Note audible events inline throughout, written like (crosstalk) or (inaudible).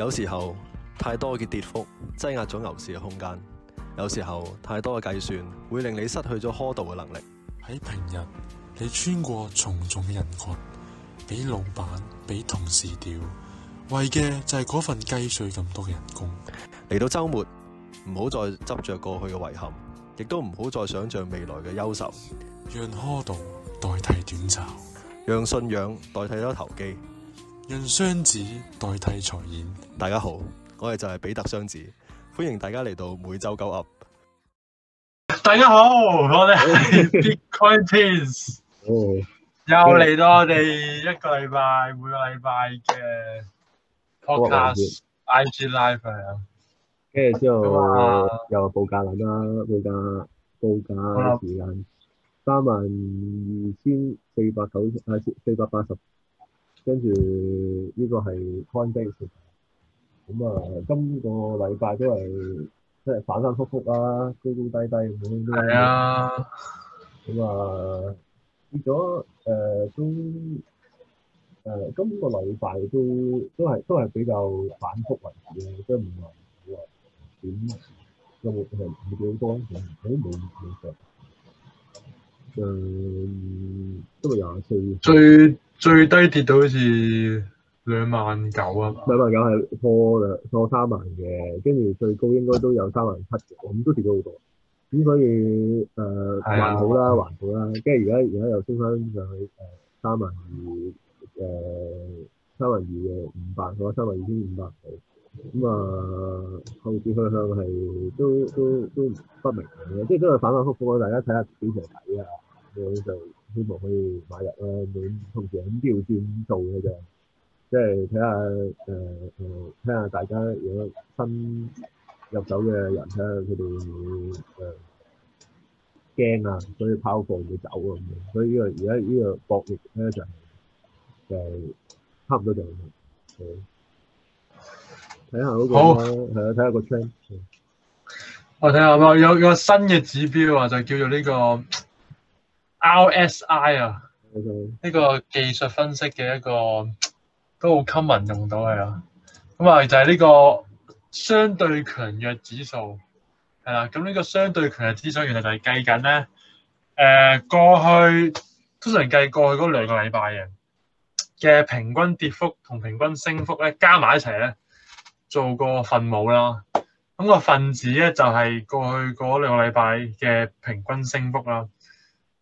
有時候太多嘅跌幅擠壓咗牛市嘅空間，有時候太多嘅計算會令你失去咗 hold 嘅能力。喺平日，你穿過重重嘅人群，俾老闆、俾同事屌，為嘅就係嗰份雞碎咁多嘅人工。嚟到周末，唔好再執着過去嘅遺憾，亦都唔好再想象未來嘅憂愁，讓 hold 代替短炒，讓信仰代替咗投機。用雙子代替財演。大家好，我哋就係比特雙子，歡迎大家嚟到每周九 UP。大家好，我哋係 Bitcoin Twins 哦， (laughs) 又嚟到我哋一個禮拜，每個禮拜嘅 Podcast，IG Live 啊，跟住之後又報價啦，報價報價時間三萬二千四百九十的，四百八十。跟住呢個係 Coinbase，咁啊，今個禮拜都係，即係反反覆覆啦、啊，高高低低咁樣。係啊，咁啊，變咗誒都誒、呃，今個禮拜都都係都係比較反覆為主，即係唔話唔話點嘅活多，點都冇冇啊。誒，都廿四。最最低跌到好似兩萬九啊，兩萬九係破兩破三萬嘅，跟住最高應該都有三萬七，咁都跌咗好多，咁、嗯、所以誒、呃、的還好啦，嗯、還好啦，跟住而家而家又升翻上去誒三萬二誒三萬二嘅五百，我三萬二千五百幾，咁啊後市去向係都都都唔明嘅。即係都係反反覆覆，大家睇下幾長睇啊，呢希望可以買入啦，咁同時咁都要轉做嘅就，即係睇下誒誒，睇下大家有新入手嘅人啊，睇下佢哋會唔會誒驚啊，所以拋貨要走啊，咁樣，所以呢個而家呢個博弈咧就就差唔多就係，好，睇下嗰個係啊，睇下個 trend，我睇下有個新嘅指標啊，就叫做呢個。RSI 啊，呢 Okay. 個技術分析嘅一個都好 common 用到係啊，咁啊就係、是、呢個相對強弱指數係啦，咁呢、啊、個相對強弱指數原來就係計緊咧，誒、呃、過去通常計過去嗰兩個禮拜嘅嘅平均跌幅同平均升幅咧加埋一齊咧做、那個分母啦，咁個分子咧就係過去嗰兩個禮拜嘅平均升幅啦。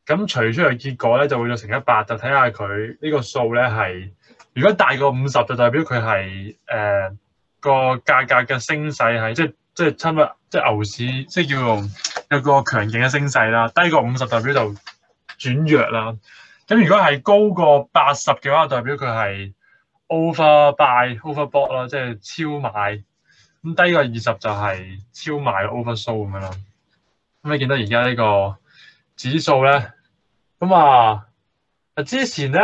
咁除出嚟嘅結果咧，就會有成一百。就睇下佢呢個數咧，係如果大過五十，就代表佢係誒個價格嘅升勢係，即係即係差唔多，即係牛市，即係叫做一個強勁嘅升勢啦。低過五十，代表就轉弱啦。咁如果係高過八十嘅話，代表佢係 over buy、over bought 啦，即係超買。咁低過二十就係超賣、over sold 咁樣啦。咁你見到而家呢個指數咧？咁啊！啊之前咧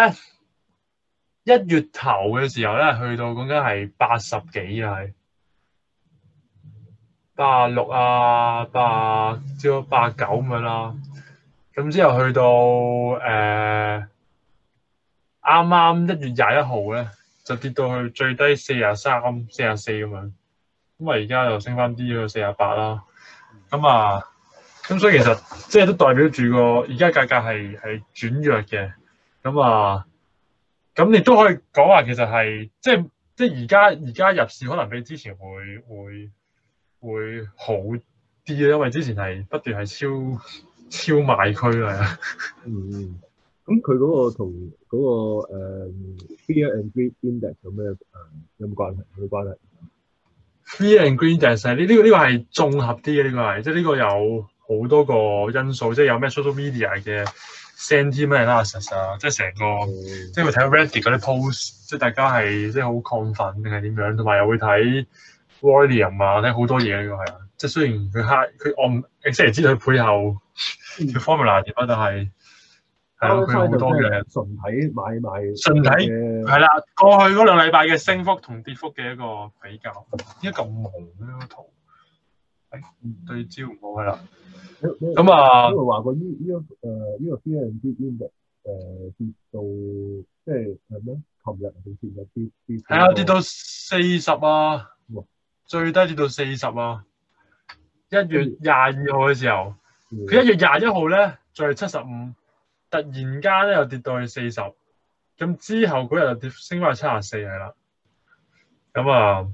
一月頭嘅時候咧，去到講緊係八十幾啊，係八十六啊八，即係八九咁樣啦。咁之後去到誒啱啱一月廿一號咧，就跌到去最低四十三、四十四咁樣。咁啊，而家又升翻啲咗，四十八啦。咁啊。咁所以其實即係都代表住個而家價格係係轉弱嘅，咁啊，咁你都可以講話其實係即係即係而家而家入市可能比之前會會會好啲咧，因為之前係不斷係超超賣區啦。嗯，咁佢嗰個同嗰、嗰個誒、嗰個 um, Fear and Greed Index 有咩有冇關係？有冇關係？Fear and Greed Index 呢、呢、呢個呢、呢個係、呢個、綜合啲嘅，呢、呢個係即係呢個有，好多個因素，即係有咩 social media 嘅 sentiment analysis 啊，即係成個即係會睇 Reddit 嗰啲 post，即係大家係即係好亢奮定係點樣，同埋又會睇 volume 啊，睇好多嘢呢個係啊。即係雖然佢黑佢按 exactly 知佢背後條 formula 點樣，但係係咯，佢好多嘅純睇買賣體，純睇係啦。過去嗰兩禮拜嘅升幅同跌幅嘅一個比較，點解咁紅咧個圖？ (noise) 嗯、對焦唔好係啦，咁啊，話過呢呢個誒呢個邊度誒跌到即係係咩？琴日好似有啲啲係啊，跌到四十啊，就是是40，嗯、最低跌到四十啊，一月廿二號嘅時候，佢一的月廿一號咧就係七十五，75，突然間咧又跌到去四十，咁之後嗰日就跌升翻去七十四係啦，咁啊，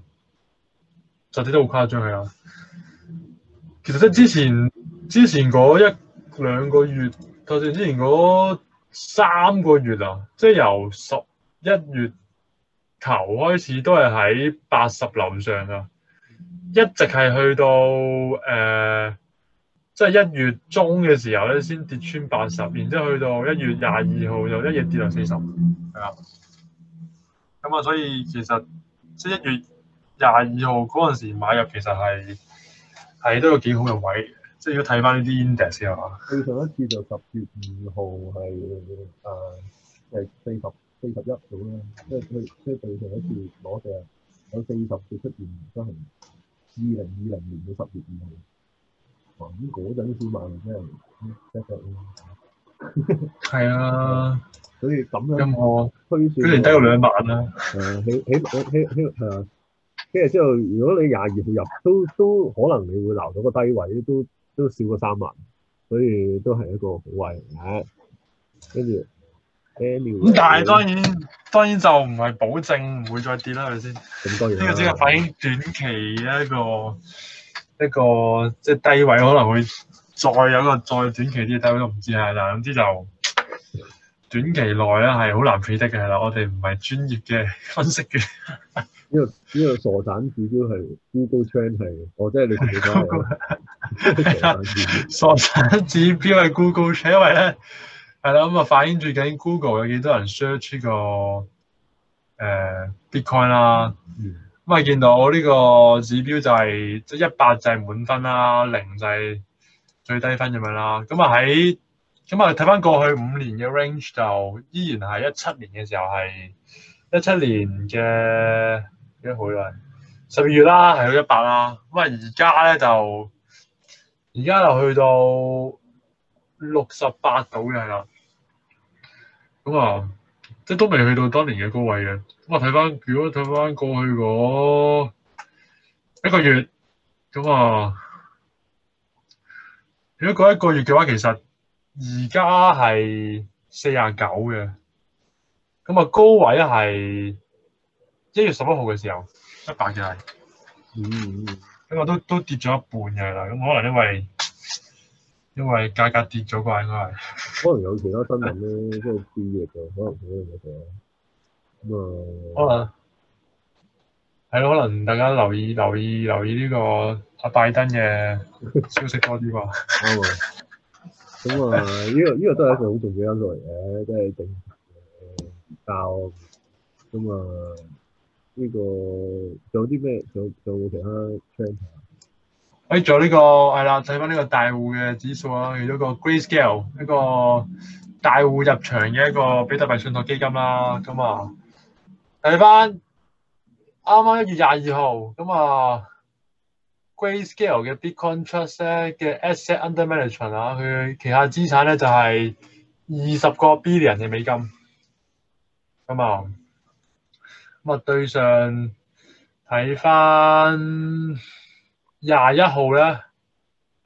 就跌得好誇張係啦。其實之前之前嗰一兩個月，就算之前嗰三個月啊，即係由十一月頭開始都係喺八十樓上噶，一直係去到誒，即係一月中嘅時候咧，先跌穿八十，然之後去到一月廿二號又一日跌到四十，係啊，咁啊，所以其實即係一月廿二號嗰陣時買入其實係。睇都有幾好嘅位，即係要睇翻呢啲 index 先嚇。佢上一次就十月二號係誒係四十四十一號啦，即係佢即係對上一次攞定有四十次出現，都係二零二零年嘅十月二號。咁嗰陣啲錢萬然真係即係。係啊，所以咁樣一個推算，居然低咗兩萬。係，起起起起係啊。跟住之後，如果你廿二號入，都都可能你會留到個低位，都都少過三萬，所以都係一個好位嚇。跟住咁，但係當然當然就唔係保證唔會再跌啦，係咪先？呢、啊、個只係反映短期一個一個即係、就是、低位可能會再有個再短期啲低位都唔知係啦。總之就短期內咧係好難 predict 嘅啦。我哋唔係專業嘅分析嘅。 (laughs) (laughs) 呢個呢個傻散指標係 Google Trend 係，哦，即係你同你、啊、 (laughs) (laughs) 傻散指標係 (laughs) Google Trend，因為咧係啦，咁啊反映最近 Google 有幾多人 search 出個誒 Bitcoin 啦，咁啊見到我呢個指標就係即係一百就係滿分啦，零就係最低分咁樣啦，咁啊喺咁啊睇翻過去五年嘅 range 就依然係一七年嘅時候係一七年嘅。嗯幾好啦，十二月啦，係去一百啦。咁啊，而家咧就，而家就去到六十八度嘅係啦。咁啊，即係都未去到當年嘅高位嘅。咁啊，我睇翻如果睇翻過去嗰一個月，咁啊，如果嗰一個月嘅話，其實而家係四廿九嘅。咁啊，高位係。一月十一號嘅時候，一百嘅係，嗯，咁啊都都跌咗一半嘅啦。咁可能因為因為價格跌咗啩，應該係，可能有其他新聞咧，即係跌嘅就可能咁啊，可能係咯，可能大家留意留意留意呢、這個阿、啊、拜登嘅消息多啲啩。咁啊，呢、這個呢、這個都係一件好重要因素嚟嘅，即係政教咁啊。呢、呢個有啲咩？仲仲有冇其他 plan？誒，仲有呢個係啦，睇翻呢個大戶嘅指數啊，例如呢個 Grayscale 一個大戶入場嘅一個比特幣信託基金啦，咁啊睇翻啱啱一月廿二號，咁啊 Grayscale 嘅 Bitcoin Trust 咧嘅 Asset Under Management 啊，佢旗下資產咧就係二十個 billion 嘅美金，咁啊。物對上睇翻廿一號咧，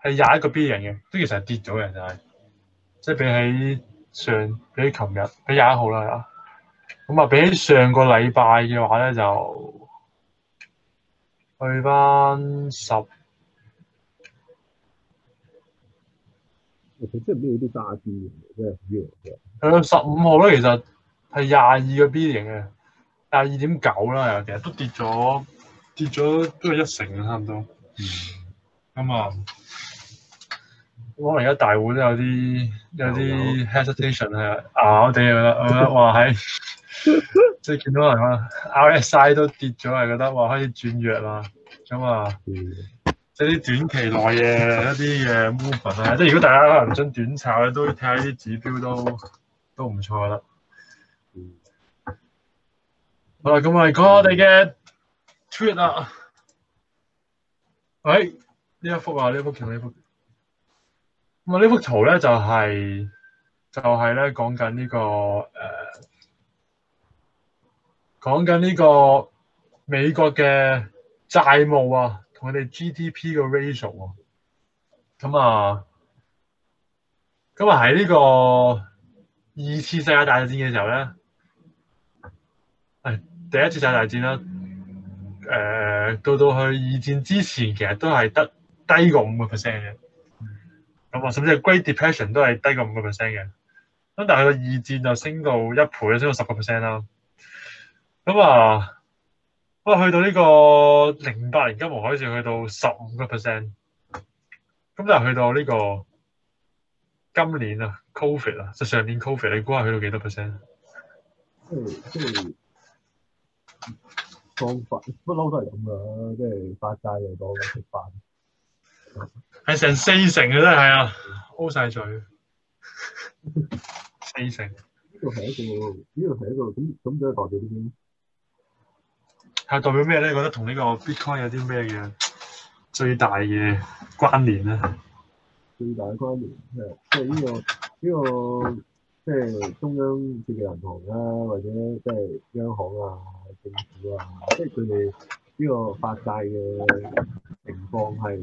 係廿一個 B 型嘅都其實跌咗嘅就係、是，即係比起上比起琴日，比廿一號啦，咁啊比起上個禮拜嘅話咧就去翻十，即係冇啲渣啲嘅，真係唔知。係十五號咧其實係廿二個 B 型嘅。廿二點九啦，其實都跌咗，跌咗都係一成嘅差唔多。咁啊、嗯，可能而家大戶都有啲有啲、嗯嗯、hesitation 係，牙牙地啊，覺得話喺即係見到人啊 RSI 都跌咗，係覺得話開始轉弱啦咁啊，即係啲短期內嘅、嗯、一啲嘅 movement 啊，即、uh，係如果大家可能想短炒咧，都睇下啲指標都都唔錯啦。好啦，咁、嗯、我哋講我哋嘅 tweet 啦，喂、哎，呢一幅啊，呢幅，幅，幅圖呢幅圖，咁、就、啊、是就是、呢幅圖咧就係就係咧講緊呢個誒，講緊呢個美國嘅債務啊，同佢哋 GDP 嘅 ratio 啊，咁、嗯、啊，咁啊喺呢個二次世界大戰嘅時候咧。第一次世界大戰啦，誒、呃、到到去二戰之前，其實都係得低過五個 percent 嘅。咁啊，甚至 Great Depression 都係低過五個 percent 嘅。咁但係個二戰就升到一倍，升到十個 percent 啦。咁啊，啊去到呢個零八年金融海嘯，去到十五個 percent。咁就去到呢個今年啊，Covid 啊，就上年 Covid 你估下去到幾多 percent？嗯嗯。方法不嬲都係咁噶，即係八齋又講食飯，係成四成嘅，真係啊，烏晒嘴四成。呢個係一個，呢個係一個，咁咁即係代表啲咩咧？係代表咩咧？覺得同呢個 Bitcoin 有啲咩嘅最大嘅關聯咧？最大嘅關聯係即係呢個呢個，即係中央特別銀行啦，或者即係央行啊。政府啊，即係佢哋呢個發債嘅情況係，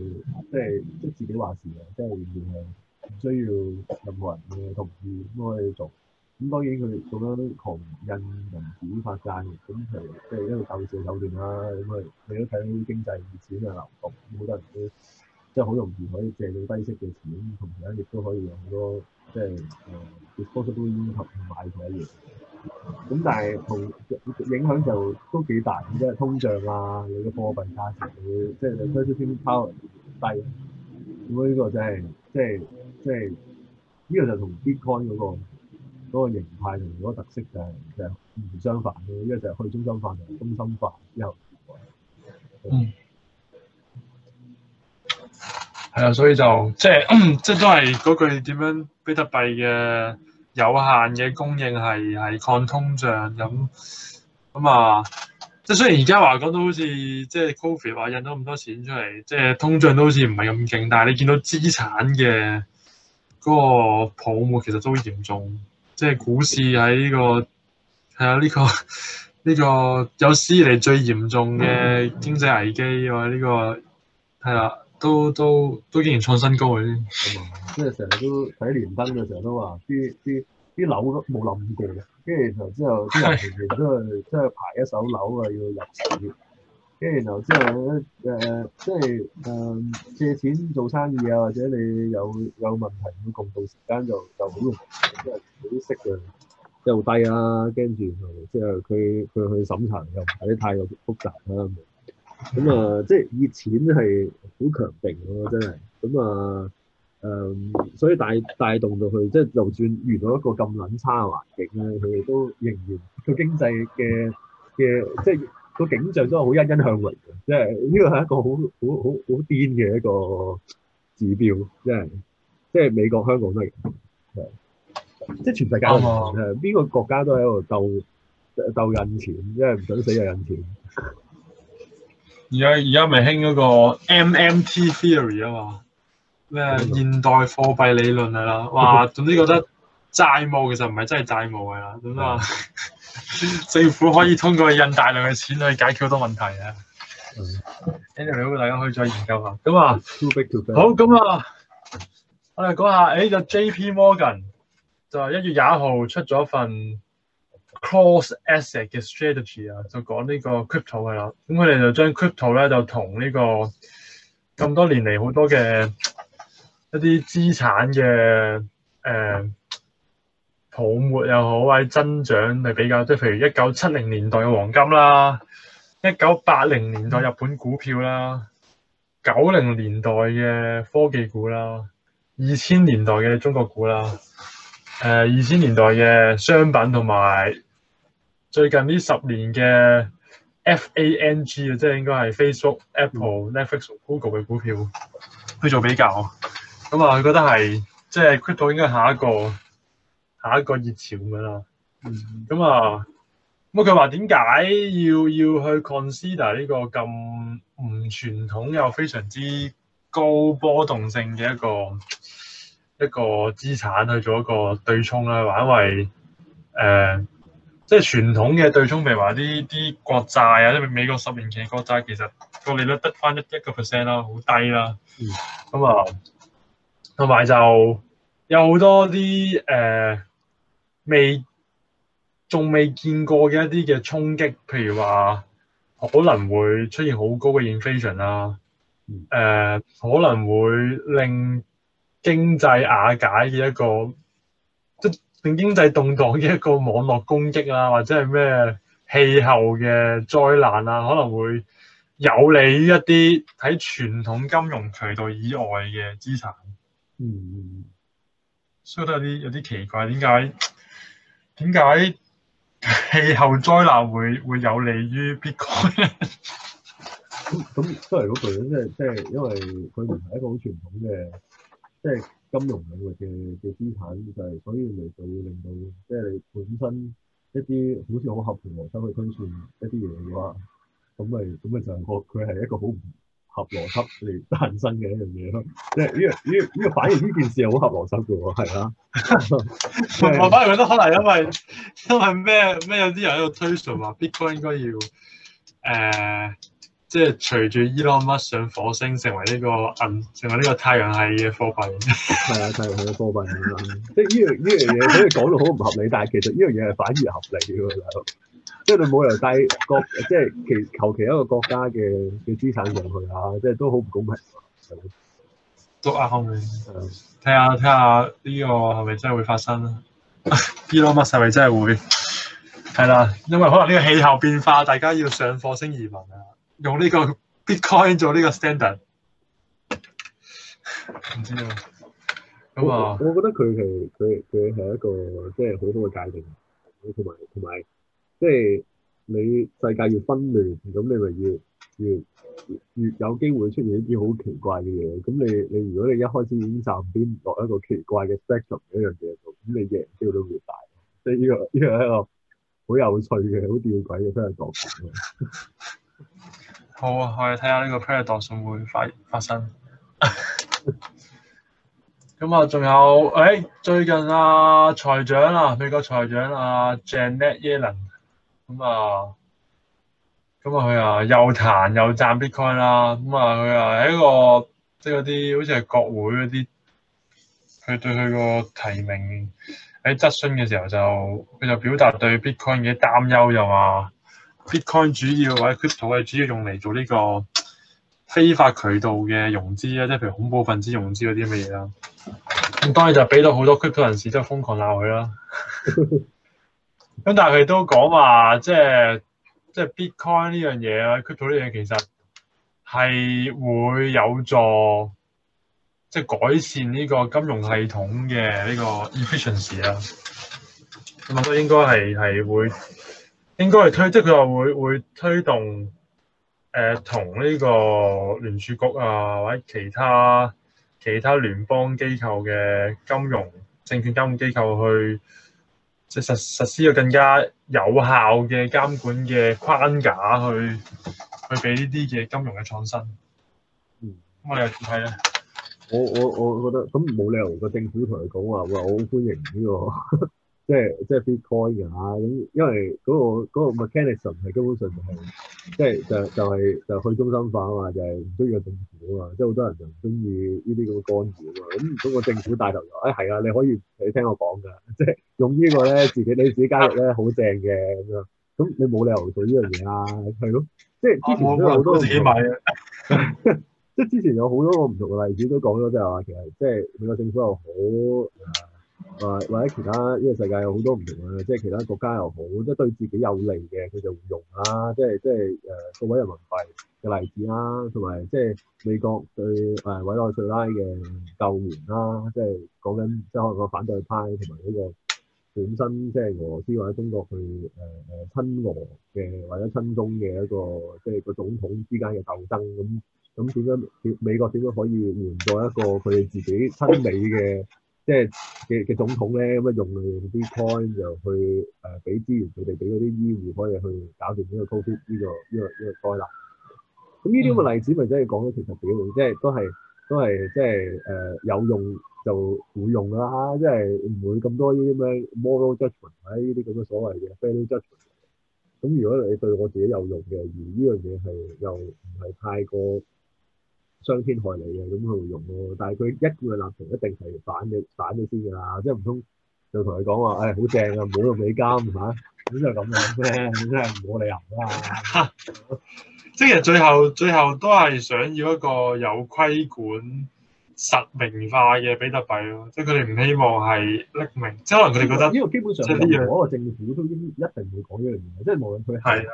即係即係自己話事嘅，即係完全係唔需要任何人嘅同意都可以做。咁當然佢哋做咁都狂印銀紙發債，咁佢即係一路鬥笑鬥亂啦，啊。咁佢你都睇到啲經濟錢嘅流動，好多人都即係好容易可以借到低息嘅錢，同埋亦都可以有好多即係誒，亦多出多啲錢買嘢。咁但係同影響就都幾大，咁即係通脹啊，你嘅貨幣價值會即係你推出先拋低，咁啊呢個就係即係即係呢個就同 Bitcoin 嗰個嗰個形態同嗰個特色就係就係唔相反嘅，因為就係去中心化同中心化之後，嗯，係啊，所以就即係即係都係嗰句點樣比特幣嘅。有限嘅供應係係抗通脹咁咁啊！即係雖然而家話講到好似即係 Covid 話印咗咁多錢出嚟，即係通脹都好似唔係咁勁，但係你見到資產嘅嗰個泡沫其實都嚴重，即係股市喺呢、呢個係啊呢、呢個呢、這個呢個有史以嚟最嚴重嘅經濟危機喎呢、呢個係啊！都都都竟然創新高嗰啲，即係成日都睇連登嘅時候都話啲啲啲樓冇諗過嘅，跟住之後啲人全部都係都係排一手樓啊要入市，跟住然後之後咧誒即係誒借錢做生意啊，或者你有有問題要共渡時間就就好難，即係啲息量即係好低啦，驚住即係佢佢去審查又唔係啲太過複雜啦。咁啊、嗯，即係熱錢係好強勁咯，真係。咁啊，誒，所以帶帶動到佢，即係就算原本一個咁撚差嘅環境咧，佢哋都仍然個經濟嘅嘅，即係個景象都係好欣欣向榮嘅。即係呢個係一個好好好好癲嘅一個指標，即係即係美國、香港都係，即係全世界都係，邊、哦、個國家都喺度鬥鬥印錢，即係唔准死就印錢。而家而家咪興嗰個 MMT theory 啊嘛，咩現代貨幣理論係啦，哇！總之覺得債務其實唔係真係債務㗎啦，總之、啊、 (laughs) 政府可以通過印大量嘅錢去解決好多問題啊！Anyway，呢兩點大家可以再研究下。咁啊，好咁啊，我哋講下，誒個 JP Morgan 就係一月廿號出咗份 cross asset 嘅 strategy 啊，st rategy, 就講呢個 crypto 嘅啦，咁佢哋就將 crypto 咧就同呢個咁多年嚟好多嘅一啲資產嘅誒、呃、泡沫又好或者增長嚟比較，即係譬如一九七零年代嘅黃金啦，一九八零年代日本股票啦，九零年代嘅科技股啦，二千年代嘅中國股啦，誒二千年代嘅商品同埋。最近呢十年嘅 FANG 啊，即係應該係 Facebook、Apple、Netflix、Google 嘅股票、嗯、去做比較。咁、嗯、啊，佢覺得係即係 crypto 應該係下一個下一個熱潮咁樣啦。咁啊、嗯，咁佢話點解要要去 consider 呢個咁唔傳統又非常之高波動性嘅一個一個資產去做一個對沖咧？話因為誒。呃即係傳統嘅對沖，譬如話啲啲國債啊，因為美國十年期國債，其實個利率得返一一個 percent 啦，好低啦。咁啊，同埋、啊嗯嗯嗯、就有好多啲誒未仲未見過嘅一啲嘅衝擊，譬如話可能會出現好高嘅 inflation 啦、啊，誒、呃、可能會令經濟瓦解嘅一個。令經濟動盪嘅一個網絡攻擊啊，或者係咩氣候嘅災難啊，可能會有利於一啲喺傳統金融渠道以外嘅資產。嗯，所以都有啲有啲奇怪，點解點解氣候災難會會有利於 Bitcoin？咁 (laughs) 咁都係嗰句，即係即係因為佢唔係一個好傳統嘅，即係。金融領域嘅嘅資產就係、是、所以嚟就會令到即係你本身一啲好似好合邏輯去推算一啲嘢嘅話，咁咪咁咪就係佢係一個好唔合邏輯嚟誕生嘅一樣嘢咯。即係呢個呢、這個這個反而呢件事係好合邏輯嘅喎，係啦、啊。 (laughs) 就是、 (laughs) 我反而覺得可能因為因為咩咩有啲人喺度推算話 Bitcoin 應該要誒。呃即係隨住伊隆麥上火星成，成為呢個銀，成為呢個太陽系嘅貨幣，係啊、 (laughs) 嗯，太陽系嘅貨幣。即係呢樣呢樣嘢，所以講到好唔合理，但係其實呢樣嘢係反而合理嘅。即係你冇理由帶，即係其求其一個國家嘅嘅資產入去啊，即係都好唔公平。都啱嘅，睇下睇下呢個係咪真係會發生啊？伊隆麥係咪真係會係啦？ (laughs) (laughs) 因為可能呢個氣候變化，大家要上火星移民啊。用呢個 Bitcoin 做呢個 standard，唔 (laughs) 知啊道。咁啊那麼，我覺得佢係佢佢係一個即係好多嘅界定，同埋同埋即係你世界越紛亂，咁你咪要越越，越，越有機會出現一啲好奇怪嘅嘢。咁你你如果你一開始已經站邊落一個奇怪嘅 set c 喺一樣嘢度，咁你贏機率會都越大。即係呢、這個呢、這個係一個好有趣嘅、好吊詭嘅非常獨特好啊，我哋睇下呢個 phenomenon 會發生。咁 (laughs) 啊，仲有誒最近啊，財長啊，美國財長啊 Janet Yellen 咁啊，咁啊佢啊又彈又讚 Bitcoin 啦。咁啊，佢啊喺個即係嗰啲好似係國會嗰啲，佢對佢個提名喺質詢嘅時候就佢就表達對 Bitcoin 嘅擔憂就，又話。Bitcoin 主要或者 crypto 係主要用嚟做呢個非法渠道嘅融資啊，即係譬如恐怖分子融資嗰啲乜嘢啦。咁當然就俾到好多 crypto 人士瘋 (laughs) (laughs) 都係瘋狂鬧佢啦。咁但係佢都講話，即係即係 Bitcoin 呢樣嘢啊，crypto 呢樣嘢其實係會有助即係、即係、改善呢個金融系統嘅呢個 efficiency 啊。咁我覺得應該係係會。應該係推，即係佢話會會推動，誒同呢個聯儲局啊，或者其他其他聯邦機構嘅金融證券監管機構去，即係實實施個更加有效嘅監管嘅框架去，去俾呢啲嘅金融嘅創新。嗯，咁我哋又點睇咧？我我我覺得咁冇理由個政府同佢講話話我好歡迎呢個。即係即係 Bitcoin 嘅、啊、嚇，咁因為嗰、那個那個 mechanism 係根本上係即係就是、就係、是、就是就是、去中心化啊嘛，就係唔中意政府啊嘛，即係好多人就唔中意呢啲咁嘅干擾啊。咁、嗯、如果個政府帶頭就誒係啊，你可以你聽我講㗎，即係用個呢個咧自己你自己加入咧好正嘅咁樣。咁你冇理由做呢樣嘢啊。係咯。即係之前都有好多個例子買啊。即係之， (laughs) 之前有好多個唔同嘅例子都講咗，即係話其實即係美國政府又好。或或者其他呢個世界有好多唔同啊！即係其他國家又好，即係對自己有利嘅，佢就用啦。即係即係誒，各位人民幣嘅例子啦，同埋即係美國對誒委內瑞拉嘅救援啦。即係講緊即係可能個反對派同埋呢個本身即係俄羅斯或者中國去誒誒、呃、親俄嘅或者親中嘅一個即係個總統之間嘅鬥爭。咁咁點樣？點美國點樣可以援助一個佢哋自己親美嘅？即係嘅嘅總統咧，咁啊用啲 coin 就去誒俾資源佢哋，俾嗰啲醫護可以去搞掂呢個 COVID，呢個呢個呢個災難。咁呢啲咁嘅例子咪真係講咗，其實幾好，即係都係都係即係誒有用就會用㗎啦，即係唔會咁多呢啲咩 moral judgement，呢啲咁嘅所謂嘅 value judgement。咁如果你對我自己有用嘅，而呢樣嘢係又唔係太過，傷天害理嘅，咁佢會用咯。但係佢一個嘅立場一定係反嘅，反咗先噶啦。即係唔通就同佢講話，誒，好正啊，唔好用美金吓，咁就咁樣啫。咁即係冇理由啦。即係最後，最後都係想要一個有規管、實名化嘅比特幣咯。即係佢哋唔希望係匿名。即係可能佢哋覺得呢個基本上，即係啲嘢，嗰個政府都應一定會講呢樣嘢。即係無論佢係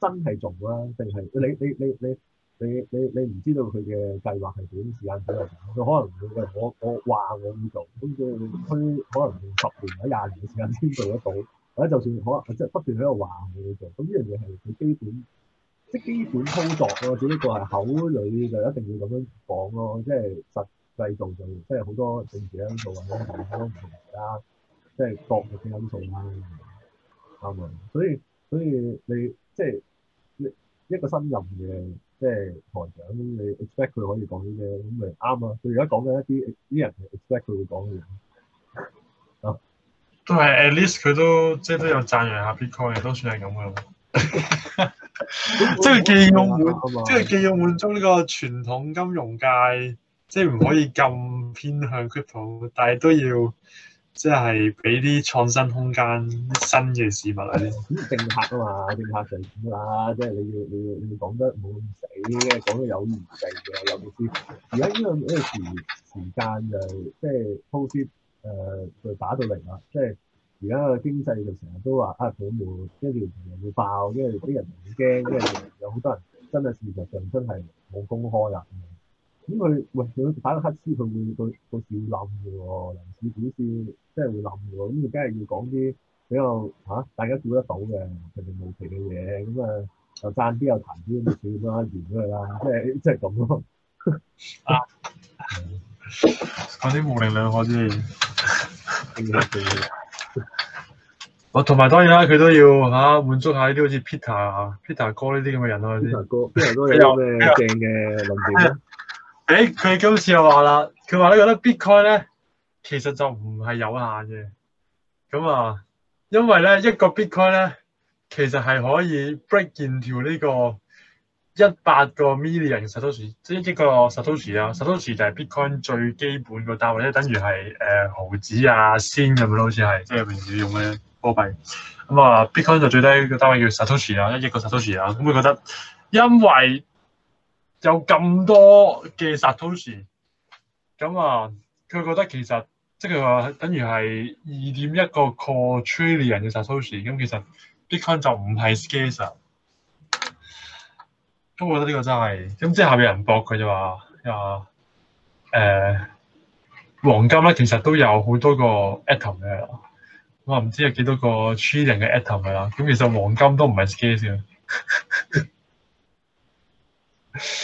真係做啦，定係你你你你。你你你唔知道佢嘅計劃係點時間點，佢可能會我我，我話我咁做，咁佢推可能用十年或者廿年嘅時間先做得到，或者就算可能即係不斷喺度話我咁做，咁呢樣嘢係佢基本即係基本操作咯、啊。只不過係口裡就一定要咁樣講咯、啊，即係實際做就即係好多政治因素或者好多唔同其他即係國力嘅因素啦，啱啊。所以所以你即係你一個新任嘅。即係台長，你 expect 佢可以講啲嘢，咁咪啱啊！佢而家講緊一啲啲人 expect 佢會講嘅嘢，啊，都係 at least 佢都即係都有讚揚下 Bitcoin，都算係咁噶咯。即 (laughs) 係既用滿，即係既用滿足呢個傳統金融界，即係唔可以咁偏向 crypto，但係都要。即係俾啲創新空間，新嘅事物，嗱啲政客啊嘛，政客隨便啦，即係你要你要要講得冇咁死嘅，講得有意義嘅，有老師。而家呢個呢、呢個時、時間就即係公司誒就打到嚟啦，即係而家嘅經濟就成日都話啊泡沫，跟住成日會爆，跟住啲人唔驚，因為有好多人真係事實上真係冇公開啦。咁佢喂，佢打個乞嗤，佢會佢佢要冧嘅喎，臨時表演即係會冧嘅喎。咁你梗係要講啲比較嚇大家估得到嘅，佢哋冇奇嘅嘢。咁啊，讚啲又彈啲，咪笑啦，掂佢啦，即係即係咁咯。啊，啲無名兩我知。我同埋當然啦，佢都要嚇滿足下啲好似 Peter 啊、Peter 哥呢啲咁嘅人咯啲。Peter 哥，Peter 哥有咩正嘅論點？誒，佢今次又話啦，佢話你覺得 Bitcoin 咧其實就唔係有限嘅，咁啊，因為咧一個 Bitcoin 咧其實係可以 break into 呢個一百個 million Satoshi 即一億個 Satoshi 啊 Satoshi 就係 Bitcoin 最基本個單位，即等於係誒毫子啊先咁樣咯，好似係即係平時用嘅貨幣，咁啊 Bitcoin 就最低個單位叫 Satoshi 啊，一億個 Satoshi 啊，咁佢覺得因為。有咁多嘅 Satoshi，咁啊，佢覺得其實即係佢話，就是、等於係二點一個 quadrillion 嘅 Satoshi，咁其實 Bitcoin 就唔係 scarce。都覺得呢個真係，咁即係後邊人博佢就話啊，誒、呃，黃金咧其實都有好多個 atom 嘅，我唔知有幾多個 trillion 嘅 atom 噶啦，咁其實黃金都唔係 scarce。 (laughs)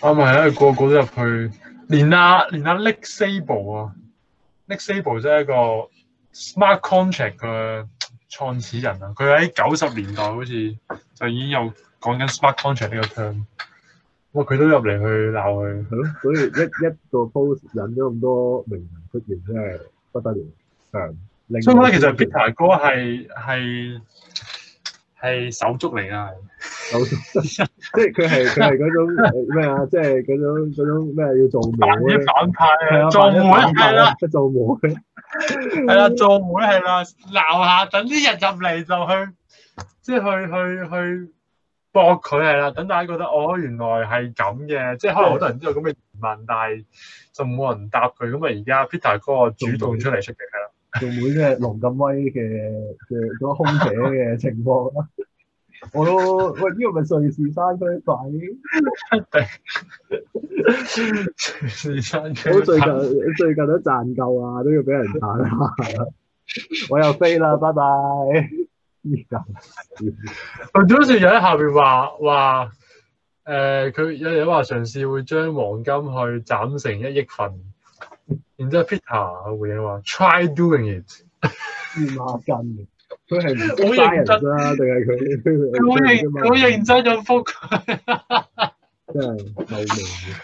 啱係啊,啊，個個都入去，連阿、啊、連阿、啊、Nick Szabo、啊、l e 啊，Nick Szabo 真係一個 Smart Contract 嘅創始人啊，佢喺九十年代好似就已經有講緊 Smart Contract 呢個 term，哇！佢都入嚟去鬧佢，所以一一個 post 引咗咁多名人出現真係不得了，係。所以咧，其實 Bitter 哥係係係手足嚟噶即係佢係佢係嗰種咩啊？即係嗰種嗰種咩？要做媒啊！反派啊！做媒啦！做媒係啦！做媒係啦！鬧下，等啲人入嚟就去，即係去去去搏佢係啦！等大家覺得哦，原來係咁嘅，即係可能好多人都有咁嘅疑問，但係就冇人答佢。咁啊，而家 Peter 哥主動出嚟出擊啦！做媒即係龍咁威嘅嘅嗰空姐嘅情況啦。我喂，呢個咪瑞士山居仔？對， (laughs) 瑞士山居。我最近最近都賺夠啊，都要俾人打啦。我又飛啦，拜 (laughs) 拜。而家，佢又喺下邊話話，誒，佢有人話嘗試會將黃金去斬成一億份，然之後 Peter 回應話：try doing it。 (laughs) (laughs) 佢係唔好認真啦，定係佢佢好認好認真咁復佢，真係救命！嘅。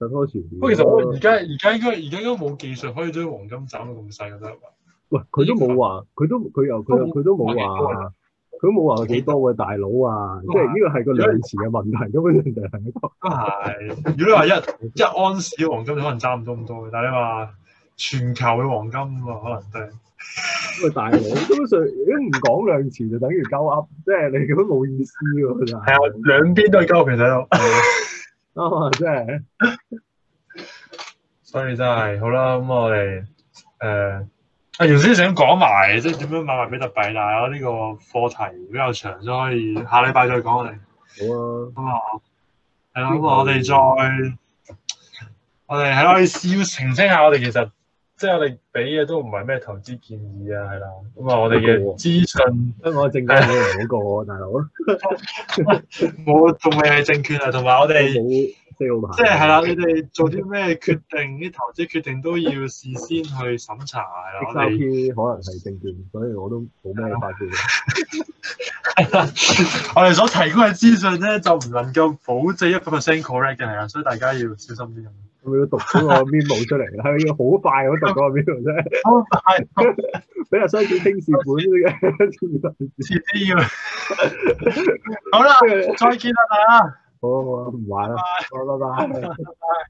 開傳播。其實我而家而家應該而家應冇技術可以將黃金斬到咁細，覺得喂，佢都冇話，佢都佢又佢佢都冇話，佢都冇話幾多喎，大佬啊！即係呢個係個量錢嘅問題咁樣，就如果你話一即係安士黃金，可能爭唔多咁多嘅，但係你話。全球嘅黃金喎，可能都因為大佬，基本上你唔講兩詞就等於交噏，即係你咁冇意思喎，係啊，兩邊都係交皮仔到，啊真係。所以真係好啦，咁我哋誒阿楊先想講埋即係點樣買埋比特幣，但係我呢個課題比較長，所以下禮拜再講我哋。好啊，係啦，咁我哋再我哋係可以，要澄清下，我哋其實。即係我哋俾嘅都唔係咩投資建議啊，係啦。咁啊，我哋嘅資訊，香港證監會唔好過我大佬。我仲未係證券啊，同埋 (laughs) (laughs) (laughs) 我哋即係係啦，你哋做啲咩決定，啲 (laughs) 投資決定都要事先去審查係啦。啲可能係證券，所以我都冇咩發言。係啦，我哋 (laughs) (laughs) (laughs) (laughs) 所提供嘅資訊咧，就唔能夠保證一個 percent correct 嘅係啊，所以大家要小心啲。我要讀嗰個 memo 出嚟，係 (laughs) 要好快 (laughs) 好快，好讀嗰個 memo 真係，好快，俾阿雙子聽事本嘅，唔需 (laughs) 天要。 (laughs) 好啦， (laughs) 再見啦，大家，好啊，唔玩啦，拜拜，拜拜。 (laughs)